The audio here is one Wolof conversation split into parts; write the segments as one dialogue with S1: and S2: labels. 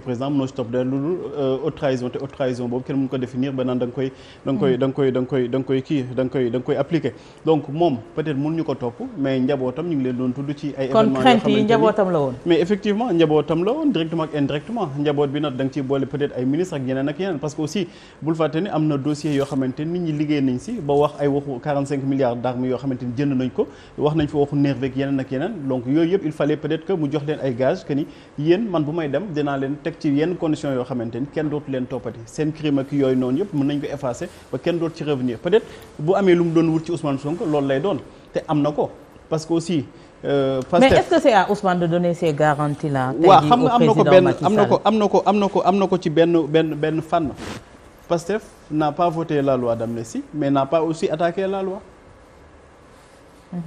S1: président mënoo ci topp da lu dul euh, haute te haute boobu kenn mënu ko définir ba naan da nga koy da koy mm. da nga koy da donc moom peut-être mënuñu ko topp mais njabootam ñu ngi leen doon tudd njabootam la woon mais effectivement njabootam la woon directement ak indirectement njaboot bi nag da nga ciy boole peut-être ay ministre ak yeneen ak yeneen parce que aussi bul fàtte ni am na dossier yoo xamante nit ñi liggéey nañ si ba wax ay waxu milliards d'armes yoo xamante ni yooyu yëpp il fallait peut-être que mu jox leen ay teg ci yenn conditions yoo xamante ni kenn dootu leen toppati seen crime ak yooy noonu yëpp mën nañ ko effacer ba kenn dootu ci revenir peut-être bu amee lu mu doon wut ci Ousmane Sonko loolu lay doon te am na ko parce que aussi. Euh, mais est-ce
S2: à Ousmane de donner ces garanties là. tey jii au président Macky Sall waaw
S1: am na ko am na ko am na ko am na ko ci benn benn benn fànn. Pastef n'a pas voté la loi d'amnistie mais n'a pas aussi attaque la mm-hmm.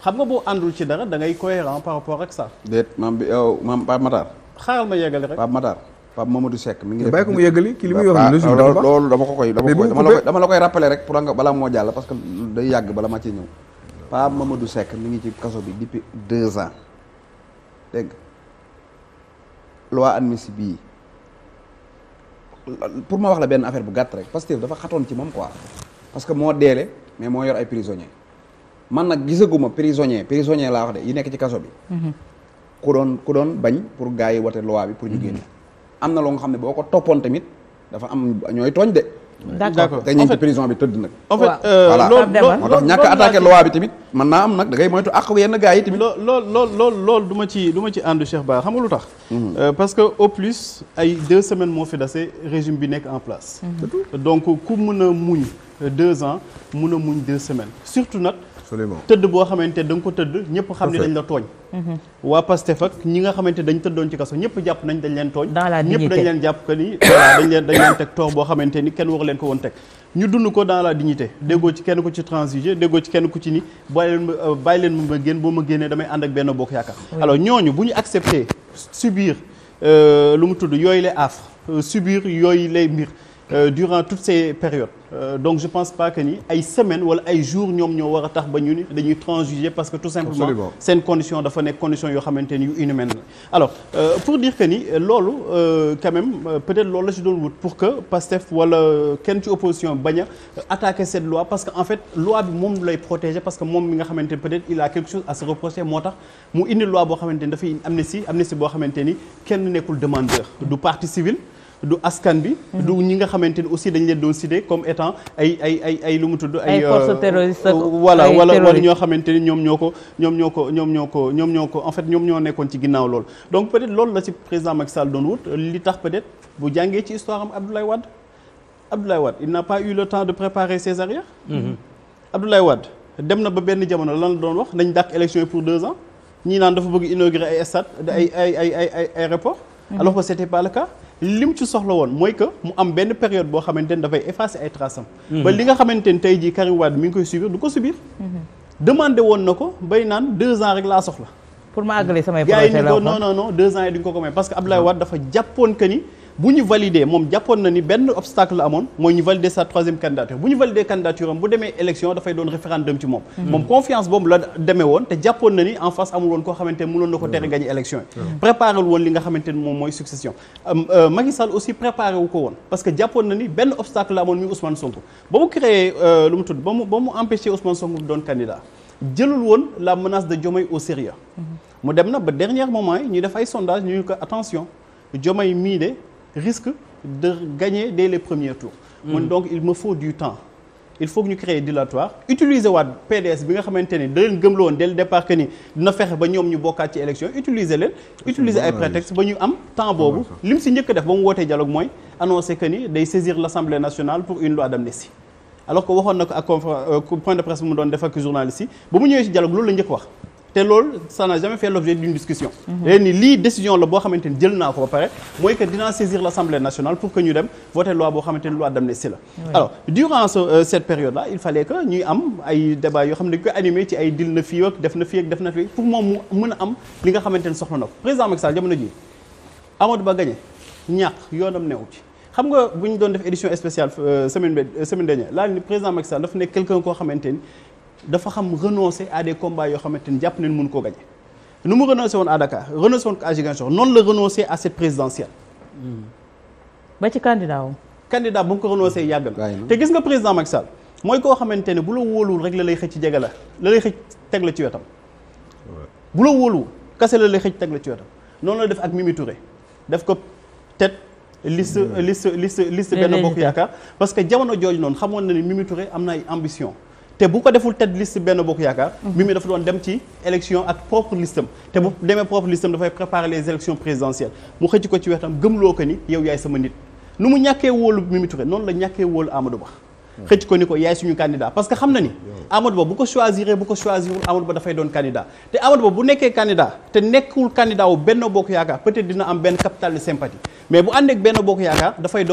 S1: xam nga boo àndul ci dara da ngay cohérent par rapport ak ça. déet maam bi euh, maam Pape Matar. xaaral ma yegali rek. Pape Matar Pape Mamadou Seck ngi. def ko mu yegali li muy wax nii loolu dama ko koy dama la koy dama la koy rappeler rek pour nga balaa moo jàll parce que yàgg bala ma ci ñëw. Pape Mamadou Seck mi ngi ci kaso bi depuis deux ans dégg nga loi amnistie bii pour ma wax la benn affaire bu gàtt rek Pastef dafa xatoon ci moom quoi parce que moo deele mais moo yor ay prisonniers man nag gisaguma prisonnier prisonnier laa wax de yi nekk ci kaso bi. Mhm. ku doon ku doon bañ pour gars yi wate loi bi pour ñu mhm. génn am na loo nga xam ne boo ko toppoon tamit dafa am ñooy tooñ de d'accord te ñu ci prison bi tëdd nag en fait lool lool lool ci du ci àndu Cheikh Ba xam tax mhm. euh, parce que au plus ay deux semaines moo fi dase régime bi nekk en place mhm. donc ku mën a muñ deux ans mun a muñ deux semaines surtout nag absolument tëdd boo xamante da nga ko tëdd ñëpp xam ne dañ la tooñ mhm. waa Pastef ak ñi nga xamante dañ tëddoon ci kaso ñëpp jàpp nañ dañ leen tooñ ñëpp dañ leen jàpp que ni voilà dañ dañ leen teg toox boo xamante ni kenn wax leen ko woon teg ñu dund ko dans la dignité déggoo ci kenn ku ci transiger déggoo ci kenn ku ci ni bàyyi leen ma euh, génn boo ma génnee damay ànd ak benn bokk yaakaar alors ñooñu bu ñu accepter subir euh, lu mu tudd yooyu lay affre euh, subir yooyu Euh, donc je pense pas que ni ay semaine wala ay jours ñoom ñoo war a tax ba ñu ni dañuy transjuger parce que tout simplement seen condition dafa nekk condition yoo xamante ni yu inhumaine la alors euh, pour dire que ni euh, loolu quand même peut-être loolu la ci doon wut pour que Pastef wala kenn ci opposition bañ a attaquer cette loi parce que en fait loi bi moom lay protéger parce que moom mi nga xamante ni peut-être il a quelque chose à se reprocher moo tax mu indi loi boo xamante ni dafay amnistie amnistie xamante ni kenn nekkul demandeur du partie civile du askan bi. Mhm. du ñi nga xamante ni aussi dañ leen doon cité comme étant ay ay lu mu tudd. ay force euh, terroriste euh, voilà wala wala ñoo xamante ni ñoom ñoo ko ñoom ñoo ko ñoom ñoo ko ñoom ñoo ko en fait ñoom ñoo nekkoon ci ginnaaw loolu. donc peut-être loolu la ci président Macky Sall doon wut li tax peut-être bu jàngee ci histoire am Abdoulaye Wade Abdoulaye Wade il n'a pas eu le temps de préparer ses arrières. Mhm. Abdoulaye Wade dem na ba benn jamono lan la doon wax nañ dàq élection yi pour deux ans ñii naan dafa bëgg inaugurer ay stade ay ay ay ay aéroport mhm. alors que c'était pas lim ci soxla woon mooy que mu am benn période boo xamante ne dafay effacer ay traces mhm. ba li nga xamante ne tey jii Karim Wade mi ngi koy subir du ko subir. Mhm. demandé woon na ko bay naan deux ans rek laa soxla. pour ma àggale samay projet la gars yi ni ko non mhm. dafa jàppoon que ni. bu ñu valider moom jàppoon na ni benn obstacle amoon mooy ñu valider sa troisième candidature bu ñu valider candidature am bu demee élection dafay doon référendum ci moom hmm. moom confiance boobu la demee woon te jàppoon na ni en face amul woon koo xamante ne mënoon na ko hmm. tere gagné élection yi hmm. préparé woon li nga xamante ne moom mooy succession euh, Macky Sall aussi préparé ko woon parce que jàppoon na ni benn obstacle la amoon muy Ousmane Sonko ba mu créé euh, lu mu tudd ba mu woon la menace de Diomaye au sérieux mu dem na ba dernier moment ñu def ay sondage ñu ko attention Diomaye mii de risque de gagner de les premiers tours man hmm. donc il me faut du temps il faut que ñu créer dilatoire utiliser waat PDS bi nga xamante ni da leen gëmloo woon dès le départ que ni dina fexe ba ñu ci élection utiliser leen utiliser ba ñu am temps boobu lim si njëkk def ba mu wootee dialogue mooy annoncé que ni day saisir l'Assemblée nationale pour une loi d'amnistie alors que waxoon na ko ak euh, point de presse bu mu doon def ak journaliste yi ba mu ñëwee ci dialogue loolu la njëkk wax te loolu ça n'a jamais fait l'objet d'une discussion mm-hmm. lii décision la boo xamante ni jël naa ko ba pare mooy que dinaa saisir l'Assemblée nationale pour que ñu dem voter loi boo xamante ni loi d'amnistie la alors durant euh, cette période là il fallait que ñuy am ay débat yoo xam ne dañ koy animé ci ay dil na fii ak def na fii ak def pour moom mu mën a am li nga xamante ni soxla na ko président Macky Sall jamono ji Amadou Ba gagné ñàkk yoonam neewu ci xam nga bu ñu doon def édition spéciale euh, semaine euh, semaine dernière laa ni président Macky Sall dafa nekk koo xamante ni dafa xam renoncer à des combats yoo xamante ni jàpp nañ mun koo gagné nu mu woon à Dakar renoncé woon à Ziguinchor noonu la renoncer à cette présidentielle. ba ci candidat wu. candidat bu ko renoncé yàgg na. te gis nga président Macky Sall mooy koo xamante ne bu la wóoluwul rek la lay xëcc jege la la lay xëcc teg la ci wetam. bu la wóoluwul kase la lay xëcc teg la ci wetam noonu la def ak Mimi Touré def ko tête liste liste liste liste benn bokk yaakaar parce que jamono jooju noonu xamoon na ne Mimi Touré am na ay ambition. te bu ko deful tête liste benn bokk yaakaar. Mhm. Mimi dafa doon dem ci élection ak propre listam te bu demee propre listam dafay préparer les élections présidentielles mu xëcc ko ci wetam gëmloo ko ni yow yaay sama nit nu mu ñàkkee wóolu Mimi Touré noonu la ñàkkee wóolu amado Ba. xëcc ko ni ko yaay suñu candidat parce que xam na ni. Amadou Ba bu ko choisir bu ko choisirul Amadou Ba dafay doon candidat te Amadou Ba bu nekkee candidat te nekkul candidat wu benn bokk yaakaar peut-être dina am benn capital de sympathie bu ànd benn bokk yaakaar dafay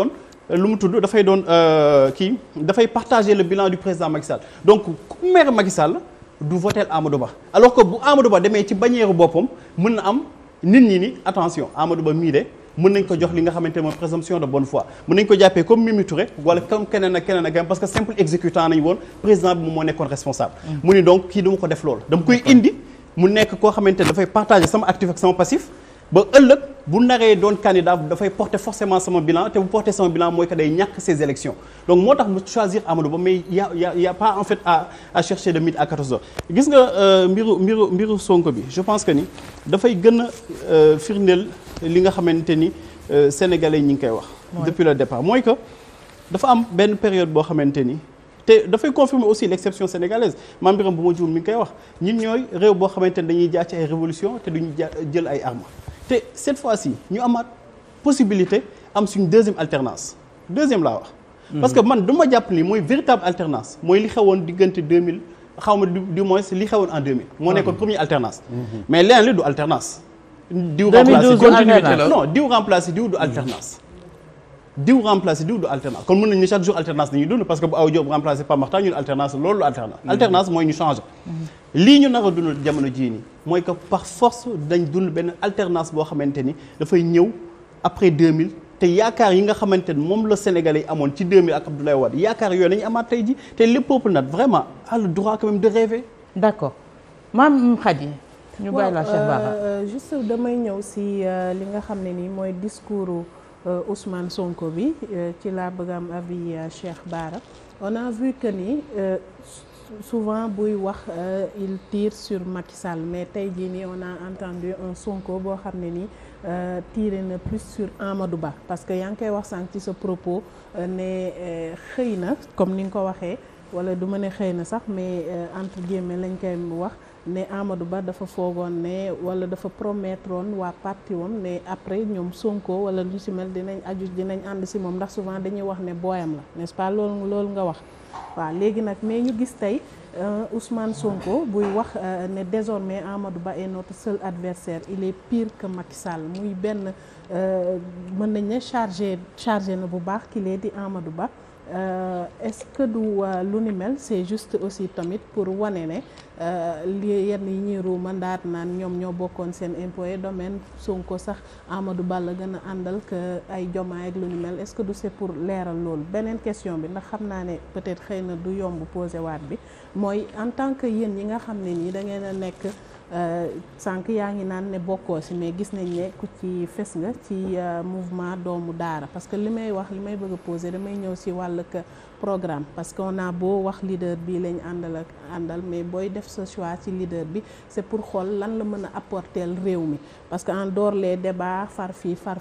S1: lu mu tudd dafay doon euh, kii dafay partager le bilan du président Macky Sall donc ku maire Macky Sall du voter Amadou Ba alors que bu Amadou Ba demee ci bannière boppam mën na am nit ñi ni attention Amadou Ba mii de mën nañ ko jox li nga xamante mooy présomption de bonne foi mën nañ ko jàppee comme Mimi Touré comme keneen ak keneen ak parce que simple exécutant nañ woon président bi moom moo nekkoon responsable. mu ni donc kii dama ko def loolu. dama koy indi mu nekk koo xamante ne dafay partager sama actif ak sama passif bu naree doon candidat dafay porter forcément sama bilan te bu porter sama bilan mooy que day ñàkk ces élections donc moo tax mu choisir Amadou Ba mais y' a y' pas en fait à à chercher de midi à 14 heures gis nga euh, mbiru mbiru mbiru Sonko bi je pense que ni dafay gën a euh, firndeel li nga xamante ni euh, sénégalais ñi ngi koy wax. depuis le départ mooy que dafa am benn période boo xamante ni. te dafay confirmer aussi l'exception sénégalaise maam Birame bu ma juum mi ngi koy wax ñun ñooy réew boo xamante ne dañuy jaar révolution te duñu jël ay armes te cette fois-ci ñu amaat possibilité am suñ deuxième alternance deuxième laa wax. parce que man dama jàpp ni mooy véritable alternance mooy li xewoon diggante 2000 xaw ma du di moins li xewoon en 2000. moo ah. nekkoon première alternance. Mhm. mais leneen li du alternance. diw remplacé continuité remplacé diw du alternance. diw remplacé diw du alternance kon mën nañu ne chaque jour alternance dañuy dund parce que bu aw Diop remplacé Pape Makhtar alternance loolu alternance mm-hmm. alternance mooy ñu changé mm-hmm. lii ñu nar dund jamono jii nii mooy que par force dañ dund benn alternance boo xamante ni dafay ñëw après mille te yaakaar yi nga xamante ni moom la Sénégalais amoon ci 2000 ak Abdoulaye Wade yaakaar yooyu nañu amaat tey ji te le peuple nag vraiment a le droit quand même
S2: la Cheikh Bara euh, juste damay si euh, li nga xam ne nii mooy discours Euh, Ousmane Sonko bi euh, ci la bëgg am avis euh, Cheikh Bara on a vu que ni souvent buy wax il tire sur Macky mais tey jii nii on a entendu un Sonko boo xam ne nii tiire na plus sur Amadou Ba parce que yaa ngi koy wax sànq ci sa propos ne xëy na comme ni nga ko waxee. wala du ma ne xëy na sax mais euh, entre guillemets lañ koy wax ne Amadou Ba dafa foogoon ne wala dafa promettroon waa parti wam ne après ñoom Sonko wala du si mel dinañ aju dinañ ànd si moom ndax souvent dañuy wax ne booyam la n'est-ce pas loolu loolu nga wax waaw léegi nag mais ñu gis tey euh, Ousmane Sonko buy wax euh, ne désormais Amadou Ba est notre seul adversaire il est pire que Macky Sall muy benn mën nañ ne chargé chargé na bu baax ki lee di Amadou Ba Euh, est-ce que du euh, lu ni mel c'est juste aussi tamit pour wane ne euh, li yenn yi ñuy ruuma ndaat naan ñoom ñoo bokkoon seen impôt et domaine Sonko sax Amadou Ba la gën a àndal que ay jomaay ak lu ni mel est-ce que du c'est pour leeral loolu beneen question bi ndax xam naa ne peut-être xëy na du yomb posé waat bi mooy en tant que yéen ñi nga xam ne nii da ngeen a nekk Euh, sànq yaa ngi naan ne bokkoo si mais gis nañ ne ku ci fes nga ci euh, mouvement doomu daara parce que li may wax li may bëgg posé damay ñëw si wàllug programme parce que on a wax leader bi lañ àndal ak àndal mais booy def sa choix ci leader bi c'est pour xool lan la mën a apporter réew mi parce en dehors les débats far fii far